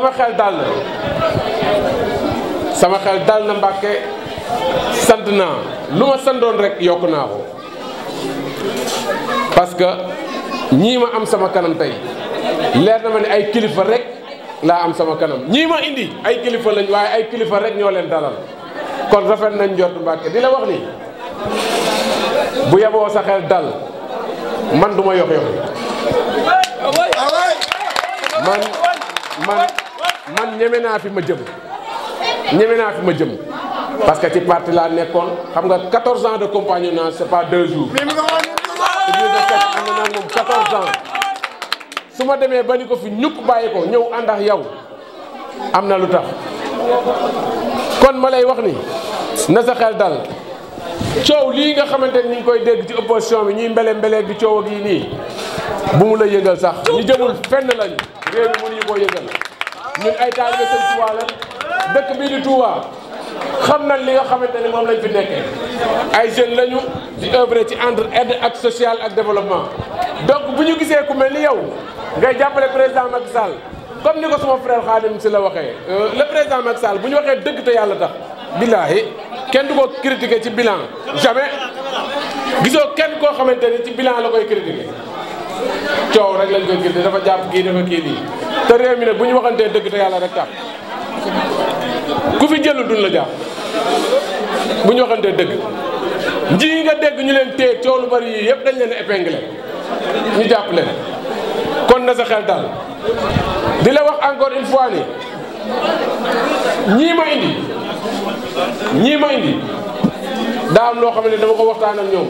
sama xel dal na xel dal na Mbàkke sant naa lu ma sandoon rek yokk naa ko parce que ñii ma am sama kanam tey leer na ma ne ay kilifa rek laa am sama kanam ñii ma indi ay kilifa lañ waaye ay kilifa rek ñoo leen dalal kon rafet nañ njort Mbàkke di la wax ni bu yeboo sa xel dal man du ma yox yox man man man ñeme naa fi ma jëm ñeme naa fi ma jëm parce que ci parti laa nekkoon xam nga 14 ans de compagnonnage c'est pas deux jours. te ñu def fekk am na nag moom 14 su ma demee ba ni ko fi ñukk bàyyi ko ñëw ànd ak yow am na lu tax kon ma lay wax ni na sa xel dal coow lii nga xamante ni ñu ngi koy dégg ci opposition bi ñuy mbele mbele bi coow ak yi nii bu mu la yëngal sax ñu jëmul fenn lañu réew mi mënuñu koo yëngal. ñun ay taalibe sëñ Touba la dëkk bii di Touba xam na li nga xamante ne moom lañu fi nekkee ay jeunes lañu di œuvrer ci entre aide ak social ak développement. donc bu ñu gisee ku li ni yow ngay jàppale président Macky Sall comme ni ko suma frère Khadim si la waxee euh, le président Macky Sall bu ñu waxee dëgg te yàlla tax billaahi kenn du ko critiquer ci bilan jamais gisoo kenn koo xamante ni ci bilan la koy critiquer coow rek lañ koy critiquer dafa jàpp gii dafa kii te réew mi nag bu ñu waxantee dëgg te yàlla rek tax ku fi jëlul duñ la jàpp bu ñu waxantee dëgg nji nga dégg ñu leen téye coow lu bari yii yëpp dañ leen épinglé ñu jàpp leen kon na sa xel dal di la wax encore une fois ni ñii ma indi ñii ma indi daa am loo xam ne dama ko waxtaan ak ñoom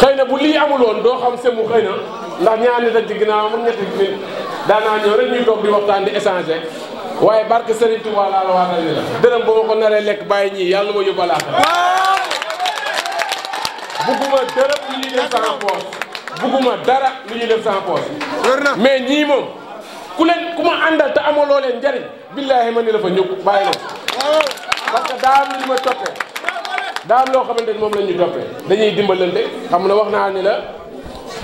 xëy na bu lii amul doo xam semu xëy na ndax ñaar nit ak ci ginnaaw am ñetti nit daanaa ñëw rek ñuy toog di waxtaan di échanger waaye barke Serigne Touba laa la la dërëm ba ma ko naree lekk bàyyi ñii yàlla ma yóbba laa bugguma dërëm lu ñuy def sans poche bugguma dara lu ñuy def sans poche mais ñii moom ku leen ku ma àndal te amaloo leen njariñ billaahi ma ni la fa ñëw bàyyi la parce que daam lu ñu ma toppee daam loo xamante ni moom la ñu toppee dañuy dimbalante xam na wax naa ni la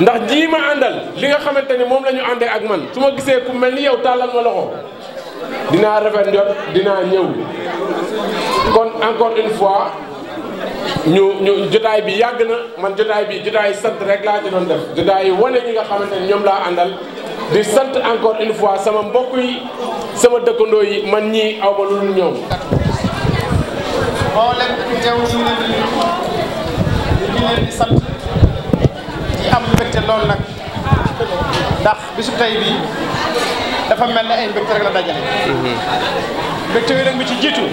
ndax jii ma àndal li nga xamante ni moom lañu àndee ak man su ma gisee ku mel ni yow tàllal ma loxo dinaa rafet njot dinaa ñëw kon encore une fois ñu jotaay bi yàgg na man jotaay bi jotaay sant rek laa ci def jotaay yi wane ñi nga xamante ni ñoom laa àndal di sant encore une fois sama mbokk yi sama dëkkandoo yi man ñii aw ma lu ñoom. am mbégte loolu nag ndax bisu tey bi dafa mel ne ay mbégte la dajale. mbégte yooyu ci jiitu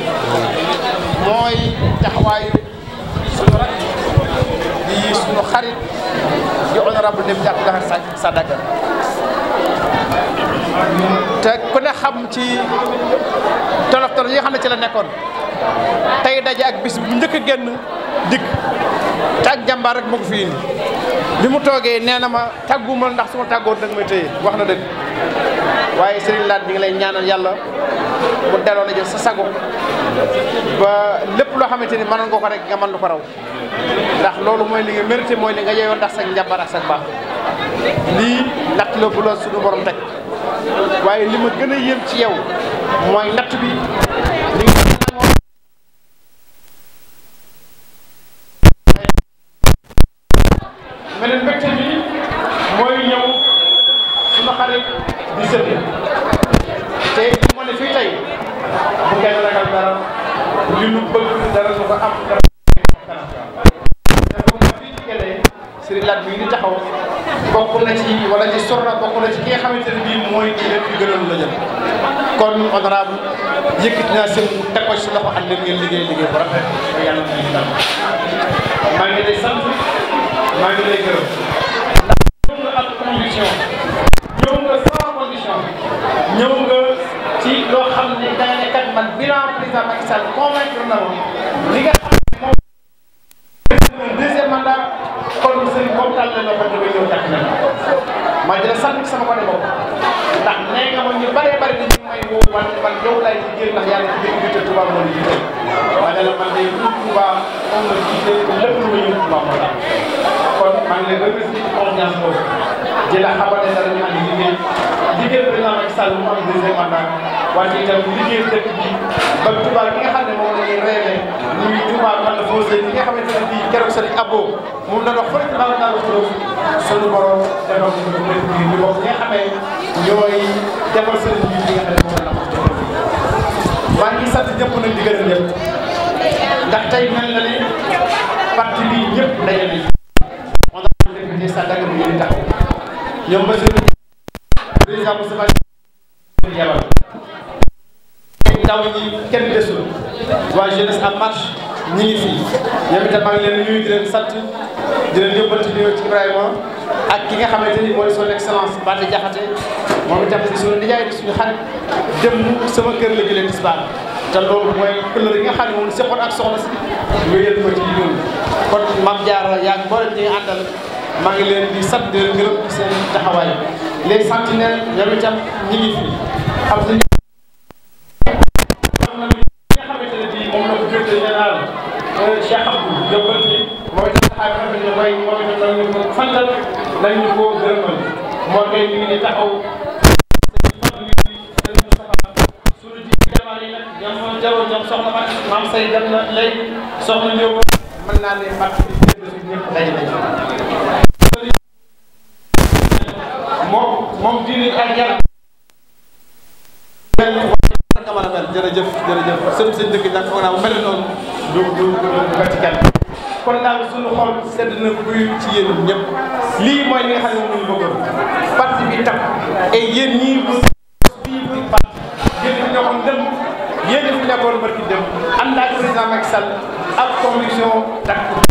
mooy taxawaayu sunu rak di sunu xarit di honorable dem jàpp Gakhar Sadaga te ku ne xam ci tolof tolof yi xam ne ci la nekkoon tey daje ak bis bu njëkk a génn dikk te ak jàmbaar rek moo ko fi indi li mu toogee nee na ma tàggu ma ndax su ma tàggoon nag may tëye wax na dëgg waaye Serigne Laat bi ngi lay ñaanal yàlla mu delloo la jël sa sago lépp loo xamante ni mënoon nga ko rek nga mën ko raw ndax loolu mooy li nga mérité mooy li nga yeyoon ndax sa njabar ak sa baax lii natt la bu la suñu borom teg waaye li ma gën a yéem ci yow mooy natt bi. rek di sëbi ko am dara Sëriñ Laat bi taxaw bokk na bii mooy ci lépp yu gënoon la kon honorable yëkkati naa seen teg ko ci loxo ànd ngeen liggéey liggéey bu rafet ba yàlla na ñu maa ngi lay sant maa ngi lay gërëm ndax am nga am conviction waaye dina sant sama côté boobu ndax nee nga ma ñu bëree bëri ni ñu may woo man man yow laay liggéey ndax yàlla ci biir te Touba moo man de lu moom la jiite lépp lu muy Touba moo la kon maa ngi leen remercier ci confiance boobu di la xamal ne danañu ànd liggéey liggéey président Macky Sall mu am deuxième mandat waaye itam liggéey dëkk bi ba Touba ki nga xam ne moom la ñuy rêvé muy Fawzeyni li nga xamante ne bii keroog sëriñ Abo moom la wax fële ci maanaam daal suñu borom defal ko ñu bëri bi ñu nga xamee ñooy defal sëriñ bi li nga xam ne moom la wax. waaye ñu sant ñëpp nañ di gërëm ñëpp ndax tey mel na ne parti bi ñëpp ndaje nañ. on a vu lépp nii sànq ak bu ngeen di taxaw ñoom ba suñu président Moustapha Diagne. ndaw ñi kenn desul waa jeunesse en marche. ñu ngi fi ñoom itam maa ngi leen di nuyu di leen sant di leen yóbbal ak ki nga xamante ni mooy son excellence Bada Diakhaté moom itam di suñu nijaay di suñu xarit dem sama kër la jëlee tisbaar te loolu mooy këllër yi nga xam ne moom seqoon ak soxna si wéyal ko ci ñun kon Mame Diarra yaa ngi mboolem ñi àndal maa ngi leen di sant di leen gërëm seen taxawaay les sentinelles ñoom itam ñi fi jëbbal ci mooy tax xaar xam ne mooy mooy tax ñu ko fantal nañ ñu ko gërëmal moo tey ñu ngi ne taxaw suñu ji jabar yi nag ñoom moom jaww ñoom soxna Fatou maam say dem na léegi soxna ñëw mën naa ne mbàkk bi ñëpp daje nañ moom moom diine ak yar jërëjëf jërëjëf sëñ sëñ dëkk ñàkk foog naa bu mel noonu du du du du ci kenn kon daal suñu xol sedd na guy ci yéen ñëpp lii mooy li nga xam ne moom lañ bëggoon parti bi tam et yéen ñii bu bii bi parti yéen fi nekkoon dem yéen fi nekkoon barki dem ànd ak président Macky Sall ak conviction d'